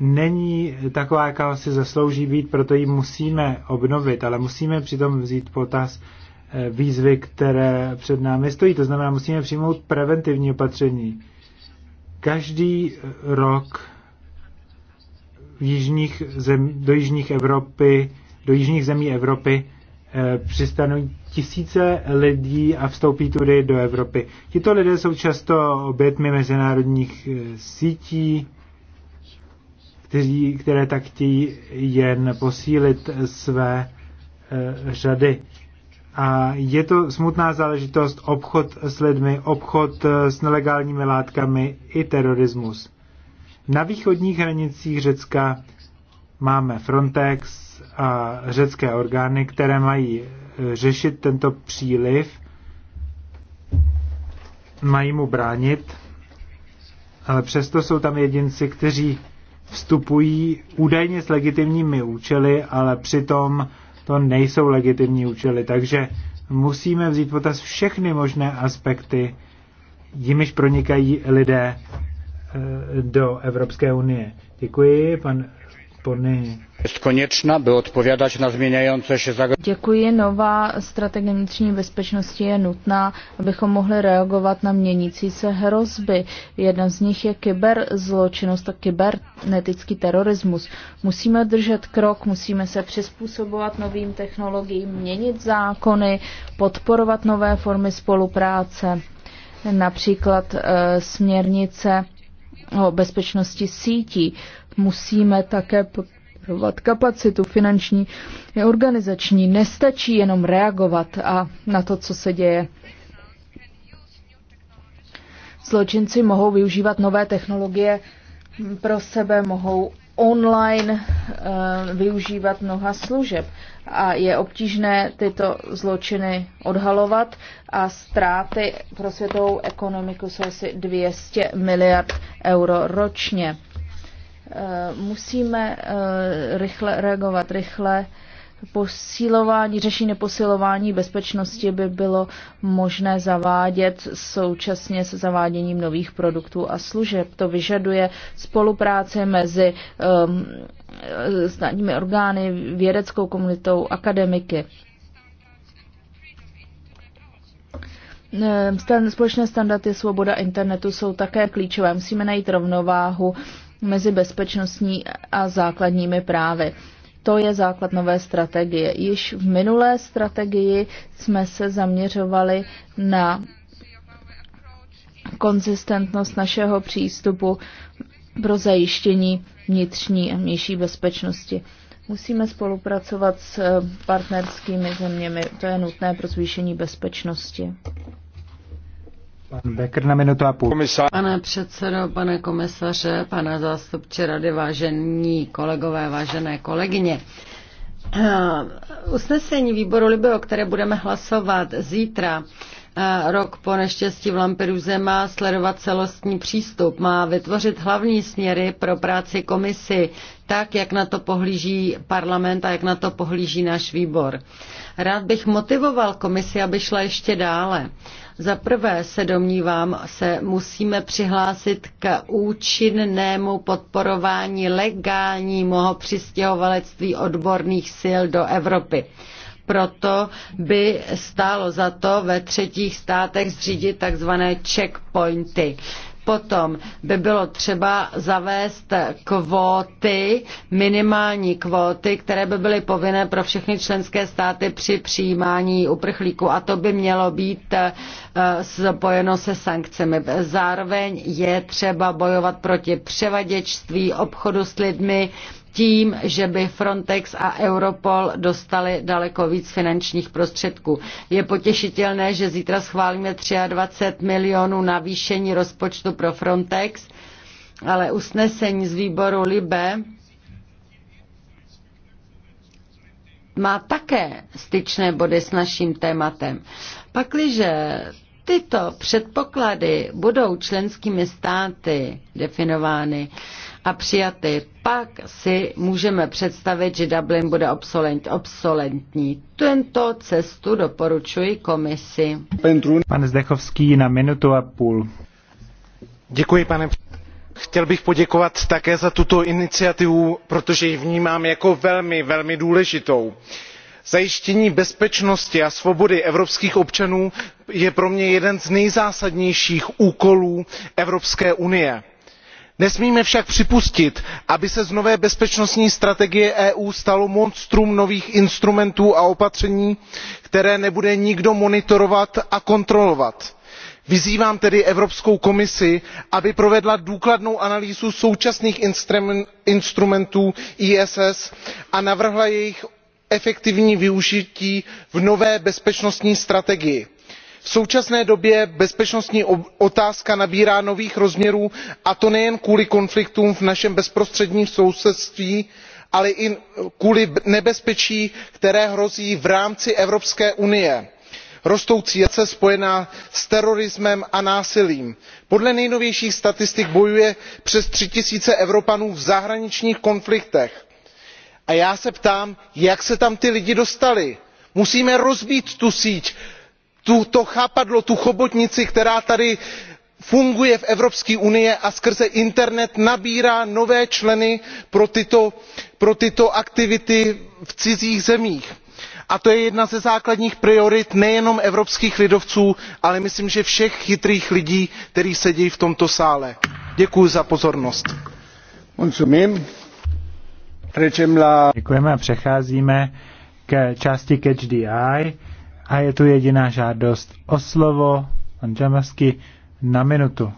není taková, jaká si zaslouží být, proto ji musíme obnovit, ale musíme přitom vzít potaz eh, výzvy, které před námi stojí. To znamená, musíme přijmout preventivní opatření. Každý rok jižních zem, do jižních Evropy, do jižních zemí Evropy eh, přistanou tisíce lidí a vstoupí tudy do Evropy. Tito lidé jsou často obětmi mezinárodních eh, sítí, kteří, které tak chtějí jen posílit své eh, řady. A je to smutná záležitost obchod s lidmi, obchod s nelegálními látkami i terorismus. Na východních hranicích Řecka máme Frontex a řecké orgány, které mají eh, řešit tento příliv, mají mu bránit, ale přesto jsou tam jedinci, kteří vstupují údajně s legitimními účely, ale přitom to nejsou legitimní účely. Takže musíme vzít potaz všechny možné aspekty, jimiž pronikají lidé Eh, do Evropské unie. Děkuji, pan Pony. Jest konečná, by odpovědat na změňající se zagrožení. Děkuji. Nová strategie vnitřní bezpečnosti je nutná, abychom mohli reagovat na měnící se hrozby. Jedna z nich je kyberzločinnost a kybernetický terorismus. Musíme držet krok, musíme se přizpůsobovat novým technologiím, měnit zákony, podporovat nové formy spolupráce, například e, směrnice o bezpečnosti sítí. Musíme také podporovat kapacitu finanční i organizační. Nestačí jenom reagovat a na to, co se děje. Zločinci mohou využívat nové technologie pro sebe, mohou online eh, využívat mnoha služeb a je obtížné tyto zločiny odhalovat a ztráty pro světovou ekonomiku jsou asi 200 miliard euro ročně. Eh, musíme eh, rychle reagovat, rychle Posílování, řešení posilování bezpečnosti by bylo možné zavádět současně se zaváděním nových produktů a služeb. To vyžaduje spolupráci mezi um, státními orgány, vědeckou komunitou, akademiky. Um, společné standardy svoboda internetu jsou také klíčové. Musíme najít rovnováhu mezi bezpečnostní a základními právy. To je základ nové strategie. Již v minulé strategii jsme se zaměřovali na konzistentnost našeho přístupu pro zajištění vnitřní a vnější bezpečnosti. Musíme spolupracovat s eh, partnerskými zeměmi, to je nutné pro zvýšení bezpečnosti. Pan na minutu a půl. Komisář. Pane předsedo, pane komisaře, pane zástupče rady, vážení kolegové, vážené kolegyně. Eh, usnesení výboru o které budeme hlasovat zítra, eh, rok po neštěstí v Lampiruze má sledovat celostní přístup, má vytvořit hlavní směry pro práci komisy, tak, jak na to pohlíží parlament a jak na to pohlíží náš výbor. Rád bych motivoval komisi, aby šla ještě dále. Za prvé se domnívám, se musíme přihlásit k účinnému podporování legálního přistěhovalectví odborných sil do Evropy proto by stálo za to ve třetích státech zřídit takzvané checkpointy. Potom by bylo třeba zavést kvóty, minimální kvóty, které by byly povinné pro všechny členské státy při přijímání uprchlíků a to by mělo být eh, spojeno se sankcemi. Zároveň je třeba bojovat proti převaděčství, obchodu s lidmi, tím, že by Frontex a Europol dostali daleko víc finančních prostředků. Je potěšitelné, že zítra schválíme 23 milionů navýšení rozpočtu pro Frontex, ale usnesení z výboru Libe má také styčné body s naším tématem. Pakliže tyto předpoklady budou členskými státy definovány, a přijaty. Pak si můžeme představit, že Dublin bude obsolent, obsolentní. Tento cestu doporučuji komisi. Pan Zdechovský na minutu a půl. Děkuji, pane chtěl bych poděkovat také za tuto iniciativu protože ji vnímám jako velmi velmi důležitou. zajištění bezpečnosti a svobody evropských občanů je pro mě jeden z nejzásadnějších úkolů evropské unie nesmíme však připustit aby se z nové bezpečnostní strategie eu stalo monstrum nových instrumentů a opatření které nebude nikdo monitorovat a kontrolovat. vyzývám tedy evropskou komisi aby provedla důkladnou analýzu současných instrumentů iss a navrhla jejich efektivní využití v nové bezpečnostní strategii v současné době bezpečnostní otázka nabírá nových rozměrů a to nejen kvůli konfliktům v našem bezprostředním sousedství ale i kvůli nebezpečí které hrozí v rámci evropské unie rostoucí recese spojená s terorismem a násilím. podle nejnovějších statistik bojuje přes tři tisíce evropanů v zahraničních konfliktech. a já se ptám jak se tam ti lidé dostali? musíme rozbít tu síť to chápadlo tu chobotnici která tady funguje v evropské unii a skrze internet nabírá nové členy pro tyto aktivity v cizích zemích. a to je jedna ze základních priorit nejenom evropských lidovců ale myslím že všech chytrých lidí kteří sedí v tomto sále. děkuji za pozornost. Děkujeme a přecházíme k části catch a je tu jediná žádost o slovo, pan Džamasky, na minutu.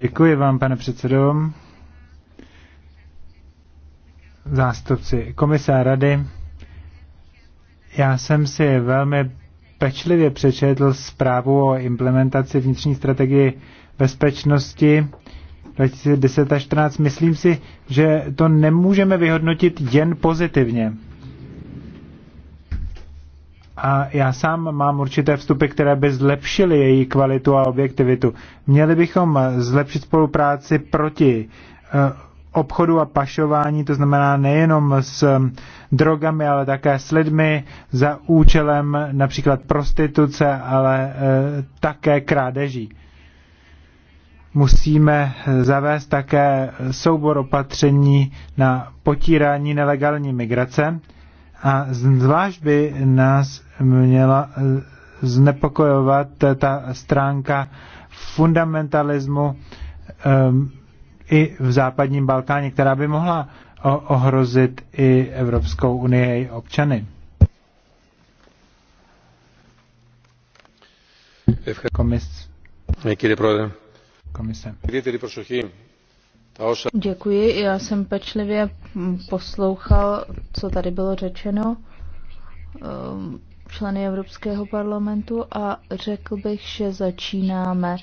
Děkuji vám, pane předsedo. Zástupci komise a rady, já jsem si velmi pečlivě přečetl zprávu o implementaci vnitřní strategie bezpečnosti 2010 až 2014 Myslím si, že to nemůžeme vyhodnotit jen pozitivně a já sám mám určité vstupy, které by zlepšily její kvalitu a objektivitu. Měli bychom zlepšit spolupráci proti eh, obchodu a pašování, to znamená nejenom s mm, drogami, ale také s lidmi za účelem například prostituce, ale eh, také krádeží. Musíme eh, zavést také soubor opatření na potírání nelegální migrace a zvlášť by nás měla eh, znepokojovat ta stránka fundamentalismu um, i v západním Balkáně, která by mohla ohrozit i Evropskou unii a její občany. Komis. Komise. Komise. Děkuji, já jsem pečlivě poslouchal, co tady bylo řečeno ehm, členy Evropského parlamentu a řekl bych, že začínáme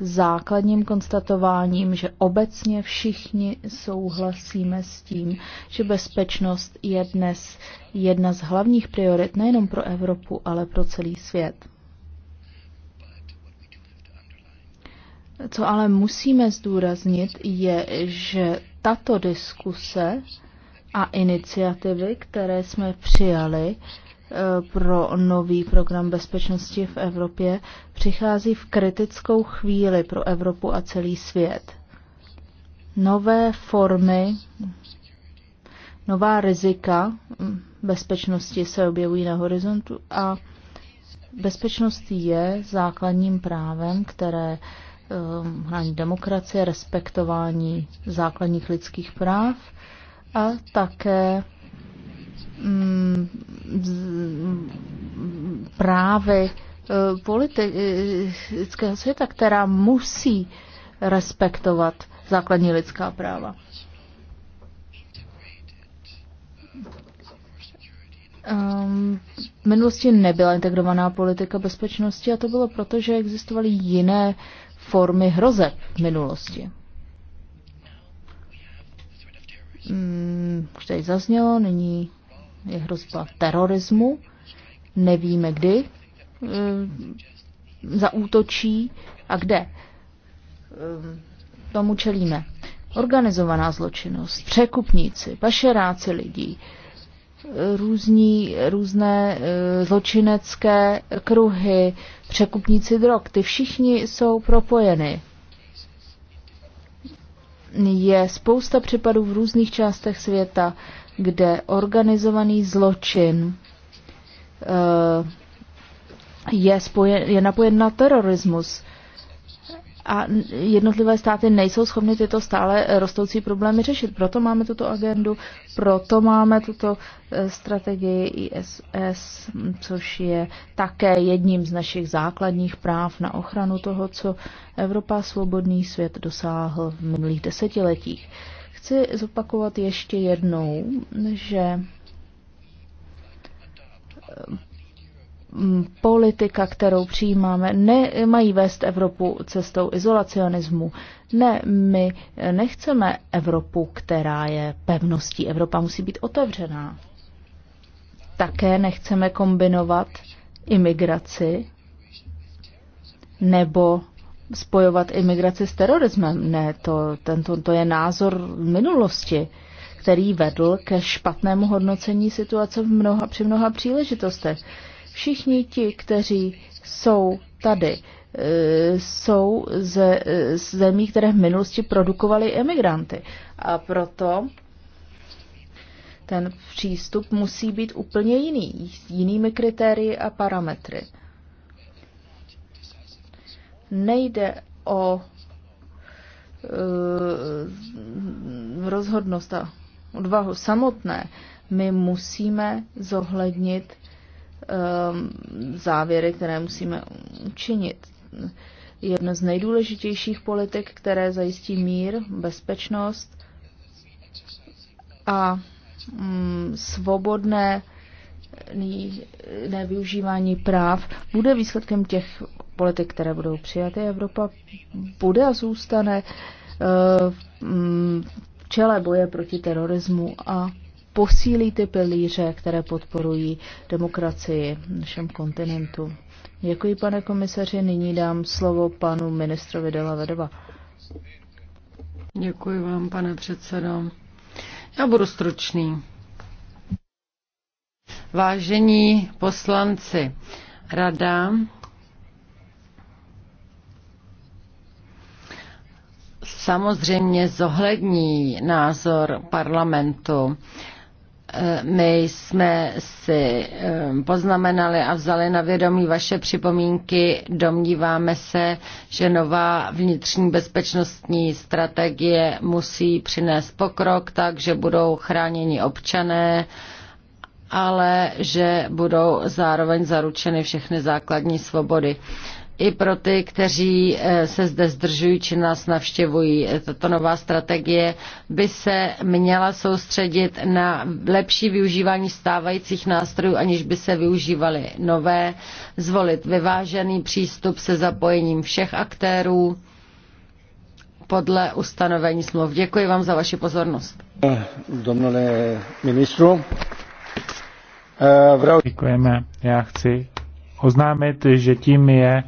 základním konstatováním, že obecně všichni souhlasíme s tím, že bezpečnost je dnes jedna z hlavních priorit nejenom pro Evropu, ale pro celý svět. Co ale musíme zdůraznit, je, že tato diskuse a iniciativy, které jsme přijali eh, pro nový program bezpečnosti v Evropě, přichází v kritickou chvíli pro Evropu a celý svět. Nové formy, nová rizika bezpečnosti se objevují na horizontu a bezpečnost je základním právem, které Um, hlání demokracie, respektování základních lidských práv a také mm, právy uh, politického světa, která musí respektovat základní lidská práva. Um, v minulosti nebyla integrovaná politika bezpečnosti a to bylo proto, že existovaly jiné formy hrozeb v minulosti. Hmm, už tady zaznělo, nyní je hrozba terorismu. Nevíme, kdy eh, zaútočí a kde. Ehm, tomu čelíme. Organizovaná zločinnost, překupníci, pašeráci lidí, různí, různé e, zločinecké kruhy, překupníci drog. Ty všichni jsou propojeny. Je spousta případů v různých částech světa, kde organizovaný zločin e, je, spojen, je napojen na terorismus a jednotlivé státy nejsou schopny tyto stále rostoucí problémy řešit. Proto máme tuto agendu, proto máme tuto e, strategii ISS, což je také jedním z našich základních práv na ochranu toho, co Evropa svobodný svět dosáhl v minulých desetiletích. Chci zopakovat ještě jednou, že e, Mm, politika, kterou přijímáme, nemají vést Evropu cestou izolacionismu. Ne, my nechceme Evropu, která je pevností. Evropa musí být otevřená. Také nechceme kombinovat imigraci nebo spojovat imigraci s terorismem. Ne, to, tento, to je názor minulosti který vedl ke špatnému hodnocení situace v mnoha, při mnoha příležitostech. Všichni ti, kteří jsou tady, e, jsou ze e, zemí, které v minulosti produkovaly emigranty. A proto ten přístup musí být úplně jiný, s jinými kritérii a parametry. Nejde o uh, rozhodnost a odvahu samotné. My musíme zohlednit Um, závěry, které musíme učinit. Jedno z nejdůležitějších politik, které zajistí mír, bezpečnost a mm, svobodné nevyužívání práv bude výsledkem těch politik, které budou přijaty. Evropa bude a zůstane uh, mm, v čele boje proti terorismu a posílí ty pilíře, které podporují demokracii v našem kontinentu. Děkuji, pane komisaři. Nyní dám slovo panu ministrovi Dela Vedova. Děkuji vám, pane předsedo. Já budu stručný. Vážení poslanci, rada samozřejmě zohlední názor parlamentu. My jsme si um, poznamenali a vzali na vědomí vaše připomínky. Domníváme se, že nová vnitřní bezpečnostní strategie musí přinést pokrok tak, že budou chráněni občané, ale že budou zároveň zaručeny všechny základní svobody i pro ty, kteří eh, se zde zdržují či nás navštěvují. Eh, tato nová strategie by se měla soustředit na lepší využívání stávajících nástrojů, aniž by se využívaly nové, zvolit vyvážený přístup se zapojením všech aktérů podle ustanovení smluv. Děkuji vám za vaši pozornost. Eh, domnule ministru. Děkujeme. Já chci oznámit, že tím je